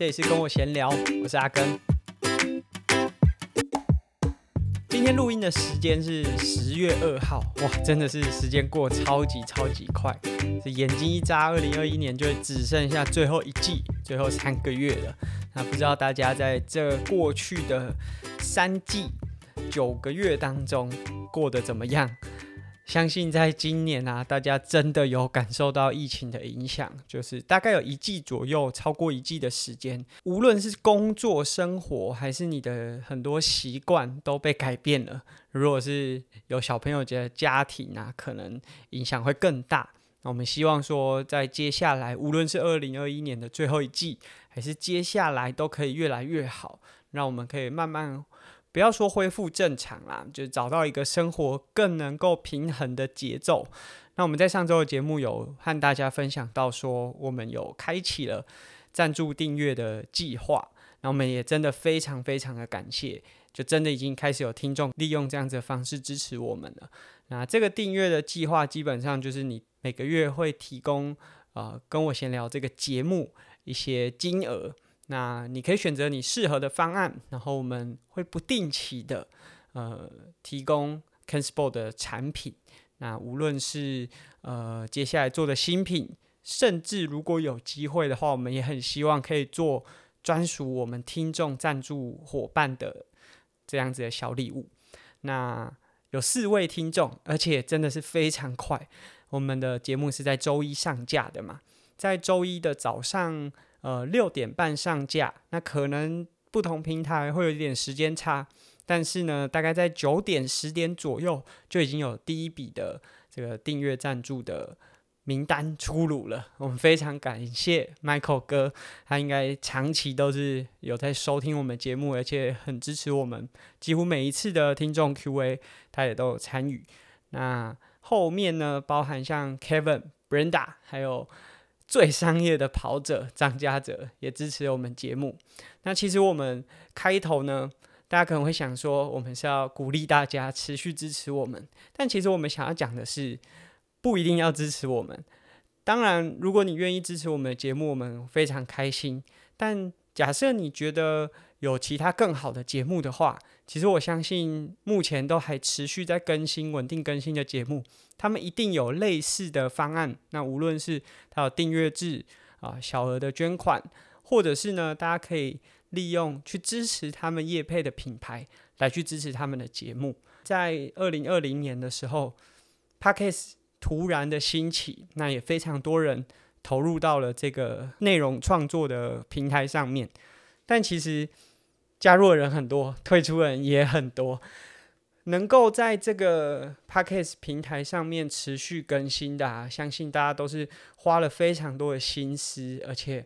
這也是耕我閒聊，我是阿耕。今天錄音的時間是十月二號，哇，真的是時間過超級超級快，眼睛一眨，二零二一年就只剩下最後一季，最後三個月了。那不知道大家在這過去的三季九個月當中過得怎麼樣？相信在今年啊，大家真的有感受到疫情的影響，就是大概有一季左右，超過一季的時間，無論是工作、生活，還是你的很多習慣都被改變了。如果是有小朋友、的家庭啊，可能影響會更大。那我們希望說，在接下來，無論是二零二一年的最後一季，還是接下來，都可以越來越好，讓我們可以慢慢。不要說恢復正常啦，就是找到一個生活更能夠平衡的節奏。那我們在上周的節目有和大家分享到說，我們有開啟了贊助訂閱的計劃。那我們也真的非常非常的感謝，就真的已經開始有聽眾利用這樣子的方式支持我們了。那這個訂閱的計劃基本上就是你每個月會提供呃耕我閒聊這個節目一些金額。那你可以選擇你適合的方案，然後我們會不定期的呃提供 Keng Sports 的產品。那無論是呃接下來做的新品，甚至如果有機會的話，我們也很希望可以做專屬我們聽眾贊助夥伴的這樣子的小禮物。那有四位聽眾，而且真的是非常快。我們的節目是在週一上架的嘛，在週一的早上。呃，六點半上架，那可能不同平台會有一點時間差，但是呢，大概在九點、十點左右，就已經有第一筆的這個訂閱贊助的名單出爐了。我們非常感謝 Michael 哥，他應該長期都是有在收聽我們節目，而且很支持我們，幾乎每一次的聽眾 Q&A 他也都有參與。那後面呢，包含像 Kevin、Brenda 還有。最商業的跑者張嘉哲也支持我們節目。那其實我們開頭呢，大家可能會想說，我們是要鼓勵大家持續支持我們。但其實我們想要講的是，不一定要支持我們。當然，如果你願意支持我們的節目，我們非常開心。但假設你覺得有其他更好的節目的話，其實我相信，目前都還持續在更新、穩定更新的節目，他們一定有類似的方案。那無論是他有訂閱制啊、呃、小額的捐款，或者是呢，大家可以利用去支持他們業配的品牌，來去支持他們的節目。在二零二零年的時候，Podcast 突然的興起，那也非常多人投入到了這個內容創作的平台上面，但其實，加入的人很多，退出的人也很多。能夠在這個 Podcast 平台上面持續更新的，啊，相信大家都是花了非常多的心思，而且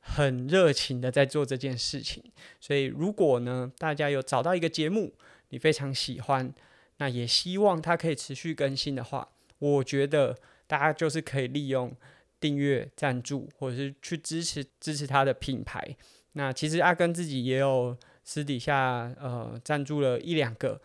很熱情的在做這件事情。所以，如果呢，大家有找到一個節目你非常喜歡，那也希望它可以持續更新的話，我覺得大家就是可以利用訂閱、贊助，或者是去支持支持它的品牌。那其實阿耕自己也有。私底下，呃，贊助了一兩個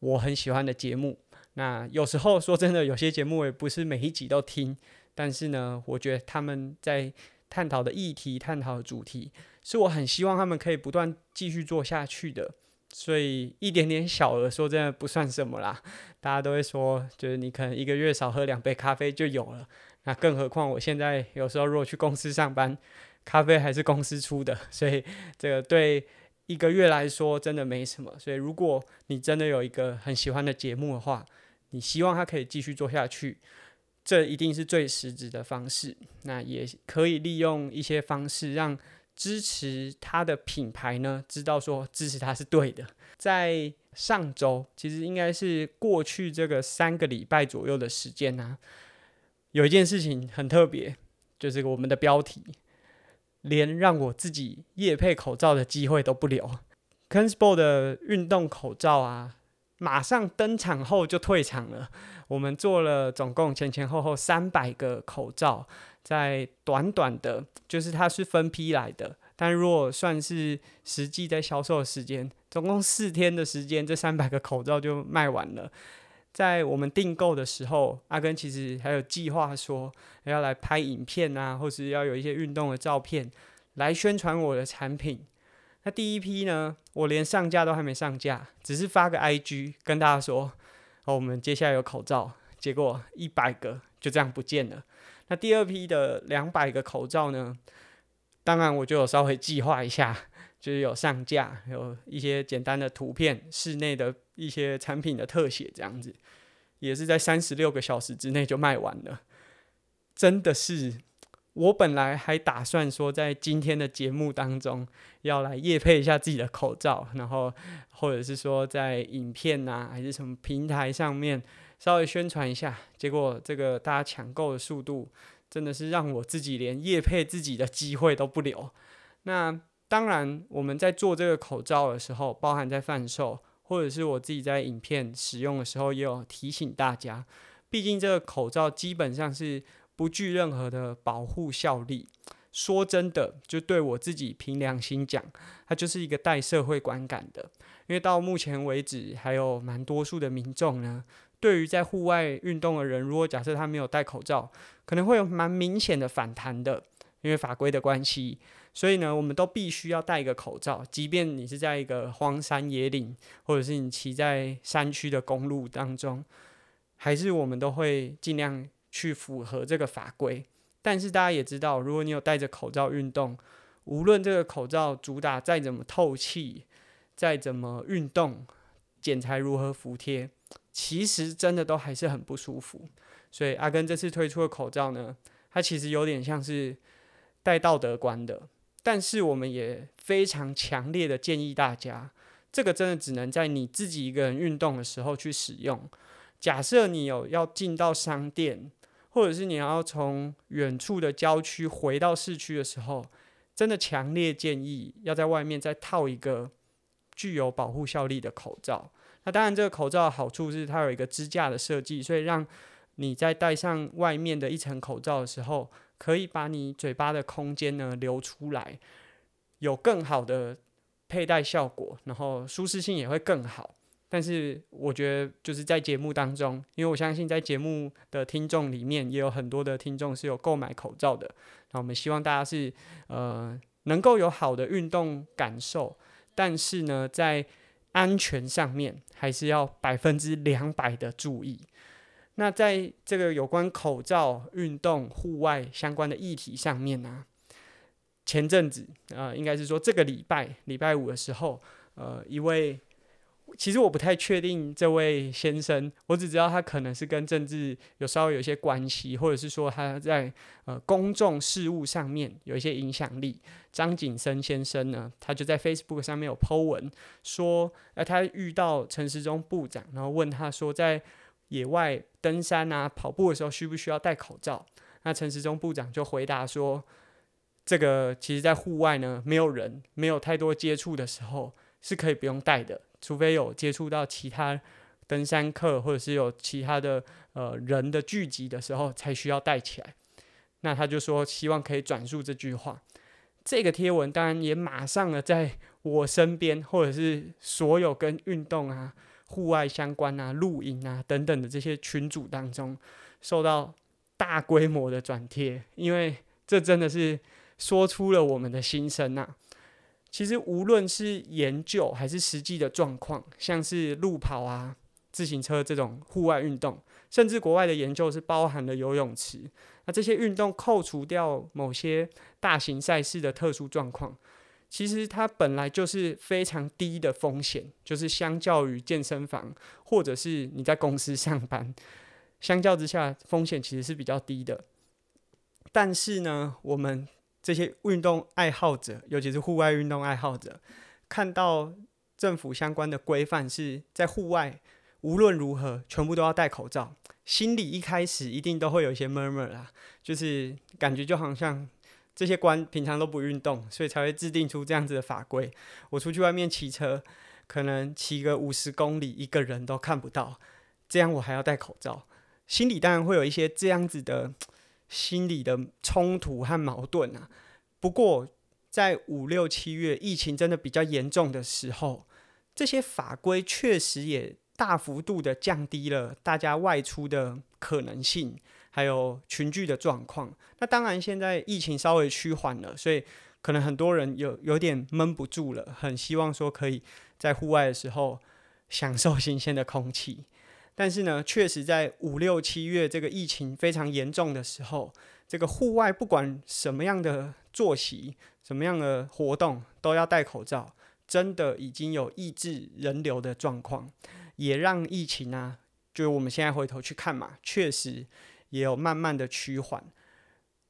我很喜歡的節目。那有時候說真的，有些節目也不是每一集都聽，但是呢，我覺得他們在探討的議題、探討的主題，是我很希望他們可以不斷繼續做下去的。所以一點點小額，說真的不算什麼啦。大家都會說，就是你可能一個月少喝兩杯咖啡就有了。那更何況我現在有時候如果去公司上班，咖啡還是公司出的，所以這個對。一個月來說，真的沒什麼。所以，如果你真的有一個很喜歡的節目的話，你希望他可以繼續做下去，這一定是最實質的方式。那也可以利用一些方式，讓支持他的品牌呢，知道說支持他是對的。在上周，其實應該是過去這個三個禮拜左右的時間呢，啊，有一件事情很特別，就是我們的標題。連讓我自己夜配口罩的機會都不留，Kensbo r 的運動口罩啊，馬上登場後就退場了。我們做了總共前前後後三百個口罩，在短短的，就是它是分批來的，但如果算是實際在銷售的時間，總共四天的時間，這三百個口罩就賣完了。在我們訂購的時候，阿耕其實還有計劃說要來拍影片啊，或是要有一些運動的照片來宣傳我的產品。那第一批呢，我連上架都還沒上架，只是發個 IG 跟大家說，哦，我們接下來有口罩。結果一百個就這樣不見了。那第二批的兩百個口罩呢，當然我就有稍微計劃一下，就是有上架，有一些簡單的圖片，室內的。一些產品的特寫，這樣子也是在三十六個小時之內就賣完了。真的是，我本來還打算說在今天的節目當中要來業配一下自己的口罩，然後或者是說在影片吶、啊，還是什麼平台上面稍微宣傳一下。結果這個大家搶購的速度真的是讓我自己連業配自己的機會都不留。那當然，我們在做這個口罩的時候，包含在販售。或者是我自己在影片使用的時候，也有提醒大家，畢竟這個口罩基本上是不具任何的保護效力。說真的，就對我自己憑良心講，它就是一個帶社會觀感的。因為到目前為止，還有蠻多數的民眾呢，對於在戶外運動的人，如果假設他沒有戴口罩，可能會有蠻明顯的反彈的，因為法規的關係。所以呢，我們都必須要戴一個口罩，即便你是在一個荒山野嶺，或者是你騎在山區的公路當中，還是我們都會盡量去符合這個法規。但是大家也知道，如果你有戴着口罩運動，無論這個口罩主打再怎麼透氣，再怎麼運動，剪裁如何服帖，其實真的都還是很不舒服。所以阿耕這次推出的口罩呢，它其實有點像是戴道德觀的。但是我們也非常強烈的建議大家，這個真的只能在你自己一個人運動的時候去使用。假設你有要進到商店，或者是你要從遠處的郊區回到市區的時候，真的強烈建議要在外面再套一個具有保護效力的口罩。那當然，這個口罩的好處是它有一個支架的設計，所以讓你在戴上外面的一層口罩的時候。可以把你嘴巴的空間呢留出來，有更好的佩戴效果，然後舒適性也會更好。但是我覺得就是在節目當中，因為我相信在節目的聽眾裡面也有很多的聽眾是有購買口罩的。那我們希望大家是呃能夠有好的運動感受，但是呢在安全上面還是要百分之兩百的注意。那在這個有關口罩、運動、戶外相關的議題上面呢、啊，前陣子啊、呃，應該是說這個禮拜禮拜五的時候，呃，一位其實我不太確定這位先生，我只知道他可能是跟政治有稍微有些關係，或者是說他在呃公眾事務上面有一些影響力。張景森先生呢，他就在 Facebook 上面有 Po 文說，呃，他遇到陳時中部長，然後問他說在。野外登山啊，跑步的時候需不需要戴口罩？那陳時中部長就回答說：“這個其實，在戶外呢，沒有人，沒有太多接觸的時候，是可以不用戴的。除非有接觸到其他登山客，或者是有其他的呃人的聚集的時候，才需要戴起來。”那他就說：“希望可以轉述這句話。”這個貼文當然也馬上了在我身邊，或者是所有跟運動啊。戶外相關啊、露營啊等等的這些群組當中，受到大規模的轉貼，因為這真的是說出了我們的心聲啊。其實無論是研究還是實際的狀況，像是路跑啊、自行車這種戶外運動，甚至國外的研究是包含了游泳池。那這些運動扣除掉某些大型賽事的特殊狀況。其實它本來就是非常低的風險，就是相較於健身房或者是你在公司上班，相較之下風險其實是比較低的。但是呢，我們這些運動愛好者，尤其是戶外運動愛好者，看到政府相關的規範是在戶外無論如何全部都要戴口罩，心裡一開始一定都會有一些 murmur 啦，就是感覺就好像。這些官平常都不運動，所以才會制定出這樣子的法規。我出去外面騎車，可能騎個五十公里，一個人都看不到，這樣我還要戴口罩，心裡當然會有一些這樣子的心理的衝突和矛盾啊。不過，在五六七月疫情真的比較嚴重的時候，這些法規確實也大幅度的降低了大家外出的可能性。還有群聚的狀況。那當然，現在疫情稍微趨緩了，所以可能很多人有有點悶不住了，很希望說可以在戶外的時候享受新鮮的空氣。但是呢，確實在五六七月這個疫情非常嚴重的時候，這個戶外不管什麼樣的作息、什麼樣的活動，都要戴口罩。真的已經有抑制人流的狀況，也讓疫情啊，就我們現在回頭去看嘛，確實。也有慢慢的趨緩，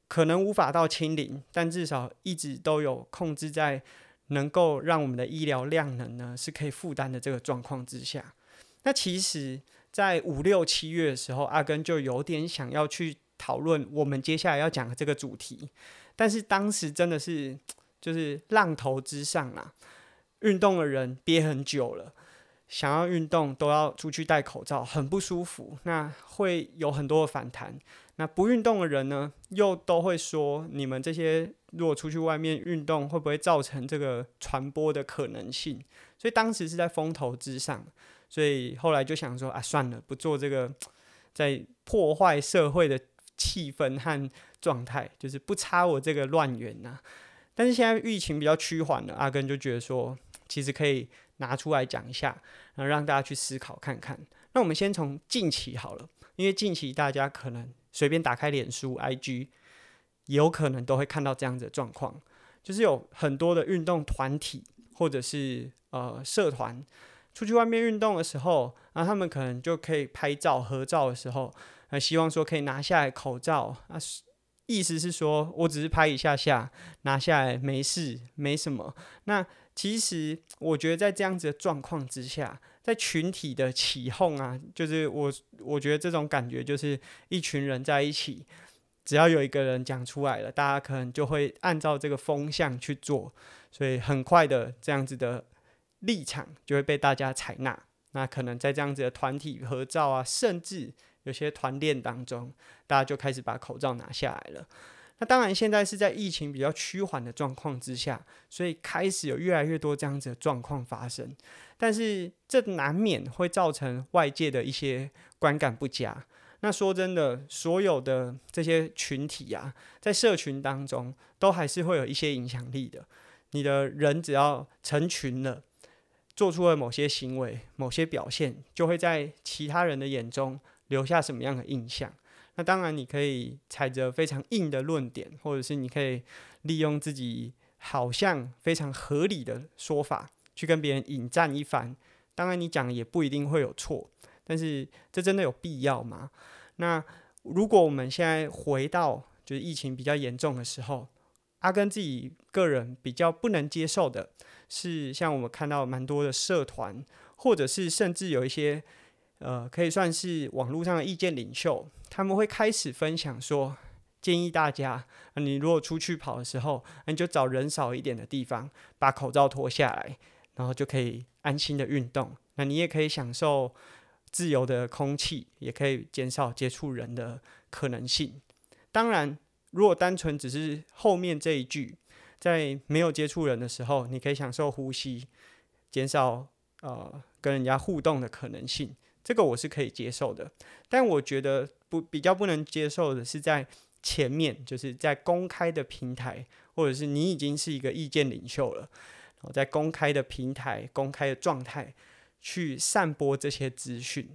可能無法到清零，但至少一直都有控制在能夠讓我們的醫療量能呢，是可以負擔的這個狀況之下。那其實，在五六七月的時候，阿耕就有點想要去討論我們接下來要講的這個主題，但是當時真的是就是浪頭之上啊，運動的人憋很久了。想要運動都要出去戴口罩，很不舒服。那會有很多的反彈。那不運動的人呢，又都會說你們這些，如果出去外面運動，會不會造成這個傳播的可能性？所以當時是在風頭之上，所以後來就想說啊，算了，不做這個，在破壞社會的氣氛和狀態，就是不插我這個亂源吶、啊。但是現在疫情比較趨緩了，阿耕就覺得說，其實可以拿出來講一下，然後讓大家去思考看看。那我們先從近期好了，因為近期大家可能隨便打開臉書、IG，有可能都會看到這樣子的狀況，就是有很多的運動團體或者是呃社團出去外面運動的時候，那，啊，他們可能就可以拍照合照的時候，那，啊，希望說可以拿下來口罩，啊，意思是說我只是拍一下下，拿下來沒事，沒什麼。那其實，我覺得在這樣子的狀況之下，在群體的起鬨啊，就是我，我覺得這種感覺就是一群人在一起，只要有一個人講出來了，大家可能就會按照這個風向去做，所以很快的這樣子的立場就會被大家採納。那可能在這樣子的團體合照啊，甚至有些團練當中，大家就開始把口罩拿下來了。那當然，現在是在疫情比較趨緩的狀況之下，所以開始有越來越多這樣子的狀況發生。但是這難免會造成外界的一些觀感不佳。那說真的，所有的這些群體啊，在社群當中都還是會有一些影響力的。你的人只要成群了，做出了某些行為、某些表現，就會在其他人的眼中留下什麼樣的印象？那當然，你可以踩着非常硬的論點，或者是你可以利用自己好像非常合理的說法去跟別人引戰一番。當然，你講也不一定會有錯，但是這真的有必要嗎？那如果我們現在回到就是疫情比較嚴重的時候，阿耕自己個人比較不能接受的是，像我們看到蠻多的社團，或者是甚至有一些。呃，可以算是網絡上的意見領袖，他們會開始分享說，建議大家，啊、你如果出去跑的時候，啊，你就找人少一點的地方，把口罩脫下來，然後就可以安心的運動。那，啊、你也可以享受自由的空氣，也可以減少接觸人的可能性。當然，如果單純只是後面這一句，在沒有接觸人的時候，你可以享受呼吸，減少呃跟人家互動的可能性。這個我是可以接受的，但我覺得不比較不能接受的是在前面，就是在公開的平台，或者是你已經是一個意見領袖了，然後在公開的平台，公開的狀態去散播這些資訊。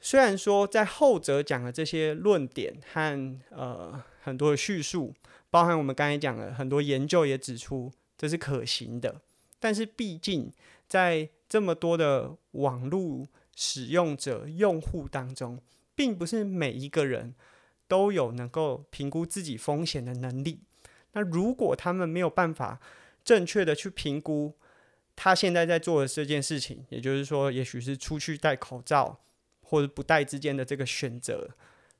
雖然說在後者講的這些論點和呃很多的敘述，包含我們剛才講的很多研究也指出這是可行的，但是畢竟在這麼多的網絡。使用者、用戶當中，並不是每一個人都有能夠評估自己風險的能力。那如果他們沒有辦法正確的去評估他現在在做的這件事情，也就是說，也許是出去戴口罩或者不戴之間的這個選擇，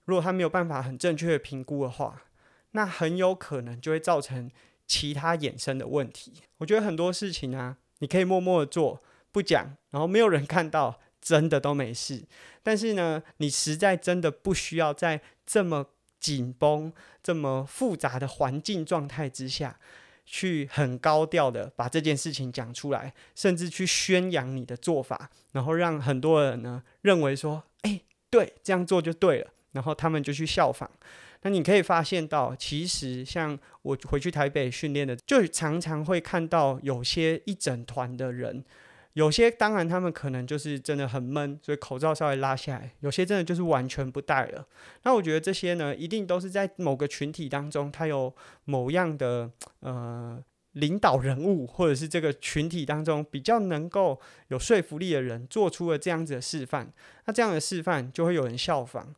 如果他沒有辦法很正確的評估的話，那很有可能就會造成其他衍生的問題。我覺得很多事情啊，你可以默默的做，不講，然後沒有人看到。真的都沒事，但是呢，你實在真的不需要在這麼緊繃、這麼複雜的環境狀態之下去很高調的把這件事情講出來，甚至去宣揚你的做法，然後讓很多人呢認為說，欸，對，這樣做就對了，然後他們就去效仿。那你可以發現到，其實像我回去台北訓練的，就常常會看到有些一整團的人。有些當然，他們可能就是真的很悶，所以口罩稍微拉下來；有些真的就是完全不戴了。那我覺得這些呢，一定都是在某個群體當中，他有某樣的呃領導人物，或者是這個群體當中比較能夠有說服力的人，做出了這樣子的示範。那這樣的示範就會有人效仿。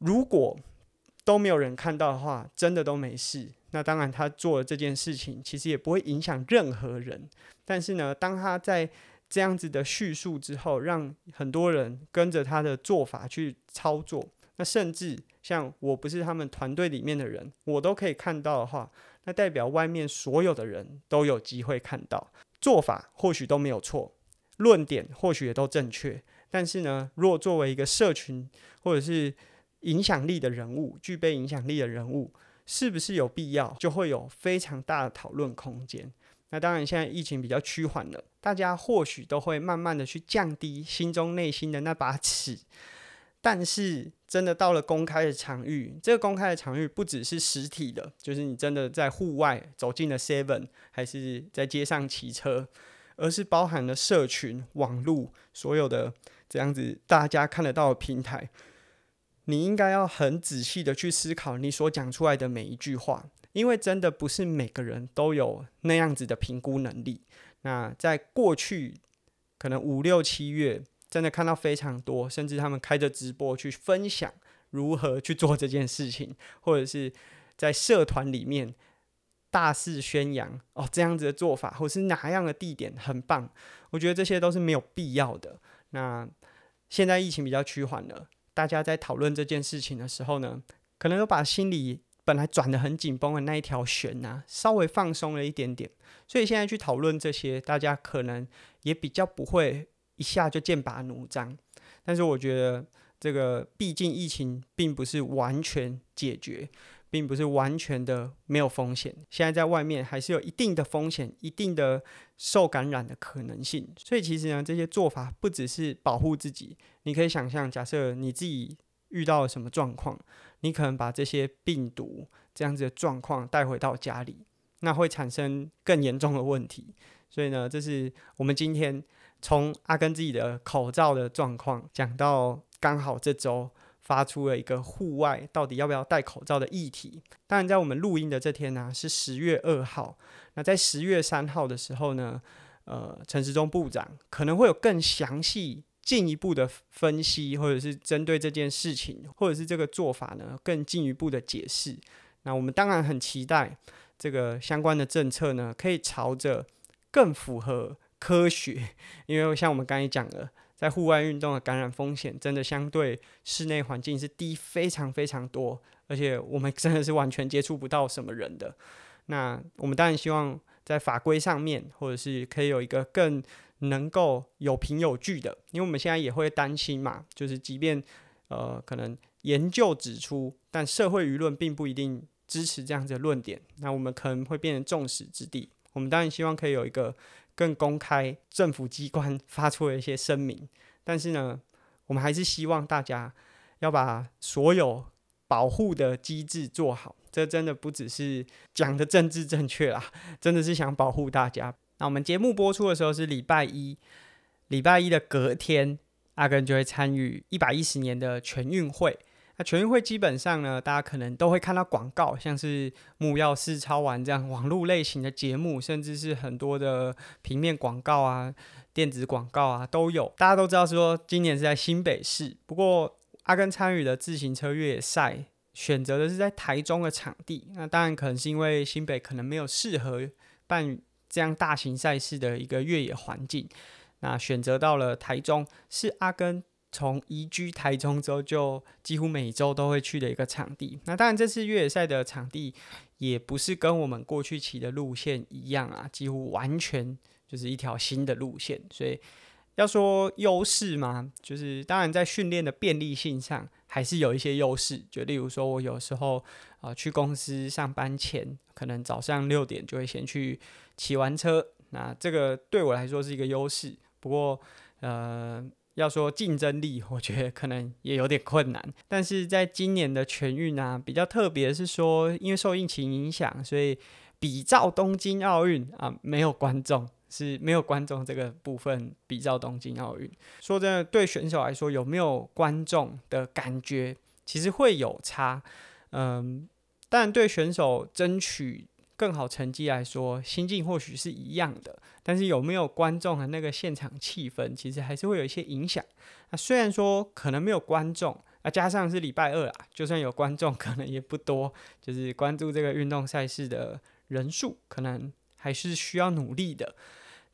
如果都沒有人看到的話，真的都沒事。那當然，他做了這件事情其實也不會影響任何人。但是呢，當他在這樣子的敘述之後，讓很多人跟着他的做法去操作，那甚至像我不是他們團隊裡面的人，我都可以看到的話，那代表外面所有的人都有機會看到。做法，或許都沒有錯，論點或許也都正確。但是呢，如果作為一個社群或者是影響力的人物，具備影響力的人物，是不是有必要就會有非常大的討論空間？那當然，現在疫情比較趨緩了，大家或許都會慢慢的去降低心中內心的那把尺。但是，真的到了公開的場域，這個公開的場域不只是實體的，就是你真的在戶外走進了 Seven，還是在街上騎車，而是包含了社群、網路所有的這樣子大家看得到的平台。你應該要很仔細的去思考你所講出來的每一句話，因為真的不是每個人都有那樣子的評估能力。那在過去，可能五六七月，真的看到非常多，甚至他們開着直播去分享如何去做這件事情，或者是在社團裡面大肆宣揚哦這樣子的做法，或是哪樣的地點很棒，我覺得這些都是沒有必要的。那現在疫情比較趨緩了。大家在討論這件事情的時候呢，可能有把心裡本來轉得很緊繃的那一條弦啊，稍微放鬆了一點點，所以現在去討論這些，大家可能也比較不會一下就劍拔弩張。但是我覺得這個，畢竟疫情並不是完全解決。並不是完全的沒有風險，現在在外面還是有一定的風險，一定的受感染的可能性。所以其實呢，這些做法不只是保護自己，你可以想象，假設你自己遇到了什麼狀況，你可能把這些病毒這樣子的狀況帶回到家裡，那會產生更嚴重的問題。所以呢，這是我們今天從阿耕自己的口罩的狀況講到剛好這週。發出了一個戶外到底要不要戴口罩的議題。當然，在我們錄音的這天呢，啊，是十月二號。那在十月三號的時候呢，呃，陳時中部長可能會有更詳細、進一步的分析，或者是針對這件事情，或者是這個做法呢，更進一步的解釋。那我們當然很期待這個相關的政策呢，可以朝着更符合科學，因為像我們剛才講的。在戶外運動的感染風險，真的相對室內環境是低非常非常多，而且我們真的是完全接觸不到什麼人的。那我們當然希望在法規上面，或者是可以有一個更能夠有憑有據的，因為我們現在也會擔心嘛，就是即便呃可能研究指出，但社會輿論並不一定支持這樣子的論點，那我們可能會變成眾矢之的。我們當然希望可以有一個。更公開，政府機關發出了一些聲明，但是呢，我們還是希望大家要把所有保護的機制做好。這真的不只是講的政治正確啦，真的是想保護大家。那我們節目播出的時候是禮拜一，禮拜一的隔天，阿耕就會參與一百一十年的全運會。那全運會基本上呢，大家可能都會看到廣告，像是木曜四超玩這樣網絡類型的節目，甚至是很多的平面廣告啊、電子廣告啊都有。大家都知道說，今年是在新北市。不過阿耕參與的自行車越野賽，選擇的是在台中的場地。那當然可能是因為新北可能沒有適合辦這樣大型賽事的一個越野環境，那選擇到了台中，是阿耕，從移居台中之後，就幾乎每週都會去的一個場地。那當然，這次越野賽的場地也不是跟我們過去騎的路線一樣啊，幾乎完全就是一條新的路線。所以要說優勢嘛，就是當然在訓練的便利性上還是有一些優勢。就例如說，我有時候啊，呃，去公司上班前，可能早上六點就會先去騎完車。那這個對我來說是一個優勢。不過，呃。要說競爭力，我覺得可能也有點困難。但是在今年的全運啊，比較特別是說，因為受疫情影響，所以比照東京奧運啊，沒有觀眾，是沒有觀眾這個部分比照東京奧運。說真的，對選手來說，有沒有觀眾的感覺，其實會有差。嗯，但對選手爭取。更好成績來說，心境或許是一樣的，但是有沒有觀眾的那個現場氣氛，其實還是會有一些影響。那、啊、雖然說可能沒有觀眾，啊，加上是禮拜二啊，就算有觀眾，可能也不多，就是關注這個運動賽事的人數，可能還是需要努力的。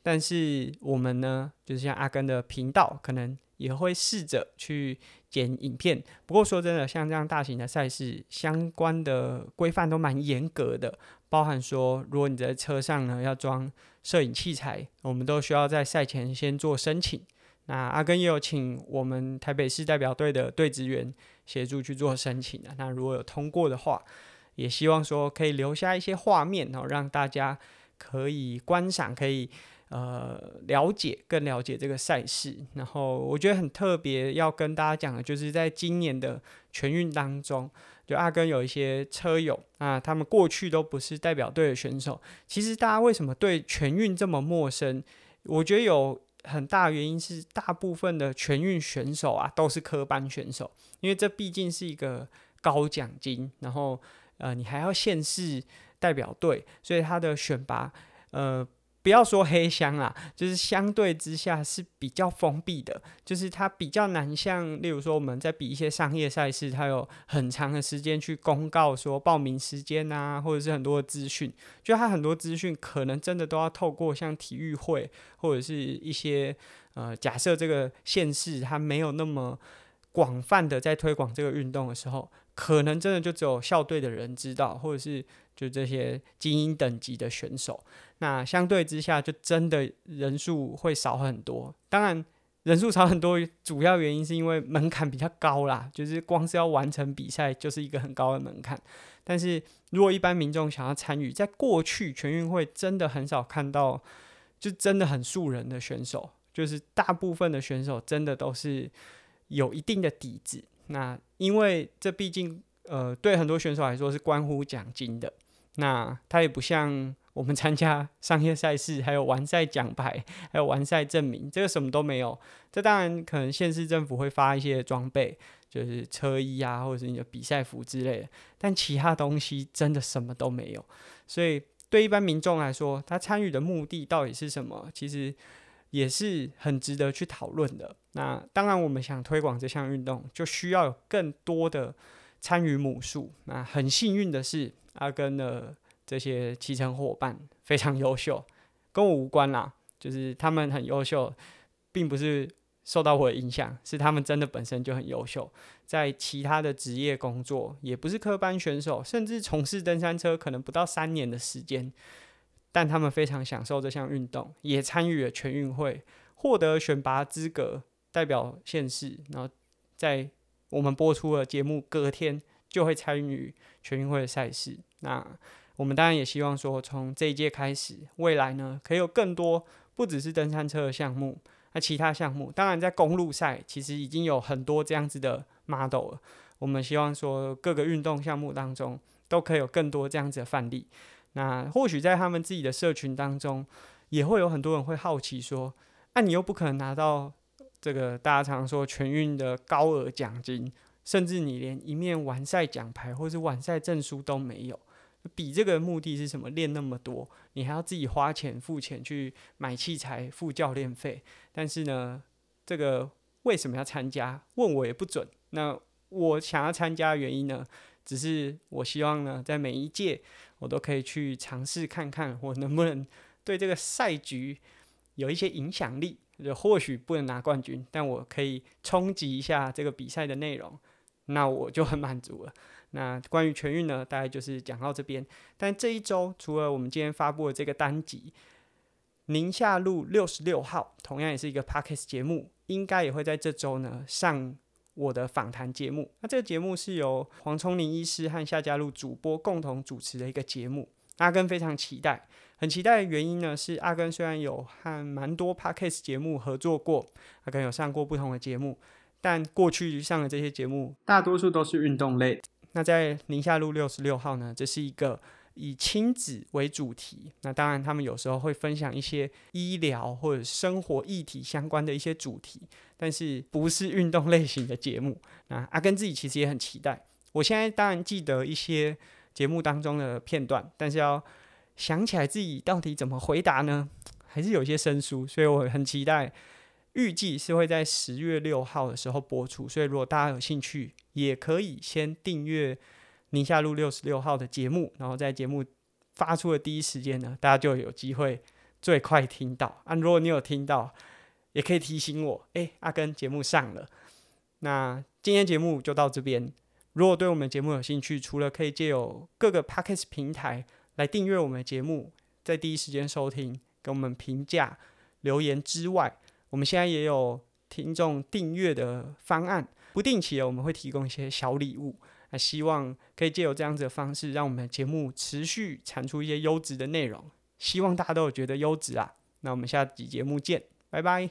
但是我們呢，就是像阿耕的頻道，可能也會試着去剪影片。不過說真的，像這樣大型的賽事，相關的規範都蠻嚴格的。包含說，如果你在車上呢，要裝攝影器材，我們都需要在賽前先做申請。那阿耕也有請我們台北市代表隊的隊職員協助去做申請。那如果有通過的話，也希望說可以留下一些畫面哦，讓大家可以觀賞，可以呃了解更了解這個賽事。然後我覺得很特別要跟大家講的就是，在今年的全運當中。就阿耕有一些車友啊，他們過去都不是代表隊的選手。其實大家為什麼對全運這麼陌生？我覺得有很大原因是，大部分的全運選手啊都是科班選手，因為這畢竟是一個高獎金，然後呃你還要縣市代表隊，所以他的選拔呃。不要說黑箱啦，就是相對之下是比較封閉的，就是它比較難像，例如說我們在比一些商業賽事，它有很長的時間去公告說報名時間啊，或者是很多資訊，就它很多資訊可能真的都要透過像體育會或者是一些呃，假設這個縣市它沒有那麼廣泛的在推廣這個運動的時候。可能真的就只有校隊的人知道，或者是就這些精英等級的選手。那相對之下，就真的人數會少很多。當然，人數少很多，主要原因是因為門檻比較高啦。就是光是要完成比賽，就是一個很高的門檻。但是如果一般民眾想要參與，在過去全運會真的很少看到，就真的很素人的選手。就是大部分的選手真的都是有一定的底子。那因為這畢竟，呃，對很多選手來說是關乎獎金的。那他也不像我們參加商業賽事，還有完賽獎牌，還有完賽證明，這個什麼都沒有。這當然可能縣市政府會發一些裝備，就是車衣啊，或者是你的比賽服之類的。但其他東西真的什麼都沒有。所以對一般民眾來說，他參與的目的到底是什麼？其實。也是很值得去討論的。那當然，我們想推廣這項運動，就需要有更多的參與母數。那很幸運的是，阿耕的這些騎乘夥伴非常優秀，跟我無關啦，就是他們很優秀，並不是受到我的影響，是他們真的本身就很優秀。在其他的職業工作，也不是科班選手，甚至從事登山車可能不到三年的時間。但他們非常享受這項運動，也參與了全運會，獲得選拔資格，代表縣市。然後在我們播出的節目隔天就會參與全運會的賽事。那我們當然也希望說，從這一屆開始，未來呢，可以有更多不只是登山車的項目，那其他項目，當然在公路賽其實已經有很多這樣子的 model 了。我們希望說各個運動項目當中都可以有更多這樣子的範例。那或許在他們自己的社群當中，也會有很多人會好奇說，啊：“那你又不可能拿到這個大家常說全運的高額獎金，甚至你連一面完賽獎牌或是完賽證書都沒有，比這個目的是什麼？練那麼多，你還要自己花錢付錢去買器材、付教練費，但是呢，這個為什麼要參加？問我也不準。那我想要參加的原因呢？”只是我希望呢，在每一屆我都可以去嘗試看看，我能不能對這個賽局有一些影響力。也、就是、或許不能拿冠軍，但我可以衝擊一下這個比賽的內容，那我就很滿足了。那關於全運呢，大概就是講到這邊。但這一周，除了我們今天發布的這個單集《寧夏路六十六號》，同樣也是一個 podcast 節目，應該也會在這周呢上。我的訪談節目，那這個節目是由黃聰明醫師和夏嘉璐主播共同主持的一個節目。阿耕非常期待，很期待的原因呢，是阿耕雖然有和蠻多 Podcast 節目合作過，阿耕有上過不同的節目，但過去上的這些節目大多數都是運動類。那在寧夏路六十六號呢，這是一個。以親子為主題，那當然他們有時候會分享一些醫療或者生活議題相關的一些主題，但是不是運動類型的節目。那阿耕自己其實也很期待。我現在當然記得一些節目當中的片段，但是要想起來自己到底怎麼回答呢，還是有一些生疏，所以我很期待。預計是會在十月六號的時候播出，所以如果大家有興趣，也可以先訂閱。寧夏路六十六號的節目，然後在節目發出的第一時間呢，大家就有機會最快聽到。啊，如果你有聽到，也可以提醒我。哎，阿耕，節目上了。那今天節目就到這邊。如果對我們節目有興趣，除了可以借由各個 Podcast 平台來訂閱我們的節目，在第一時間收聽，給我們評價留言之外，我們現在也有聽眾訂閱的方案，不定期的我們會提供一些小禮物。那希望可以借由這樣子的方式，讓我們的節目持續產出一些優質的內容。希望大家都有覺得優質啊！那我們下集節目見，拜拜。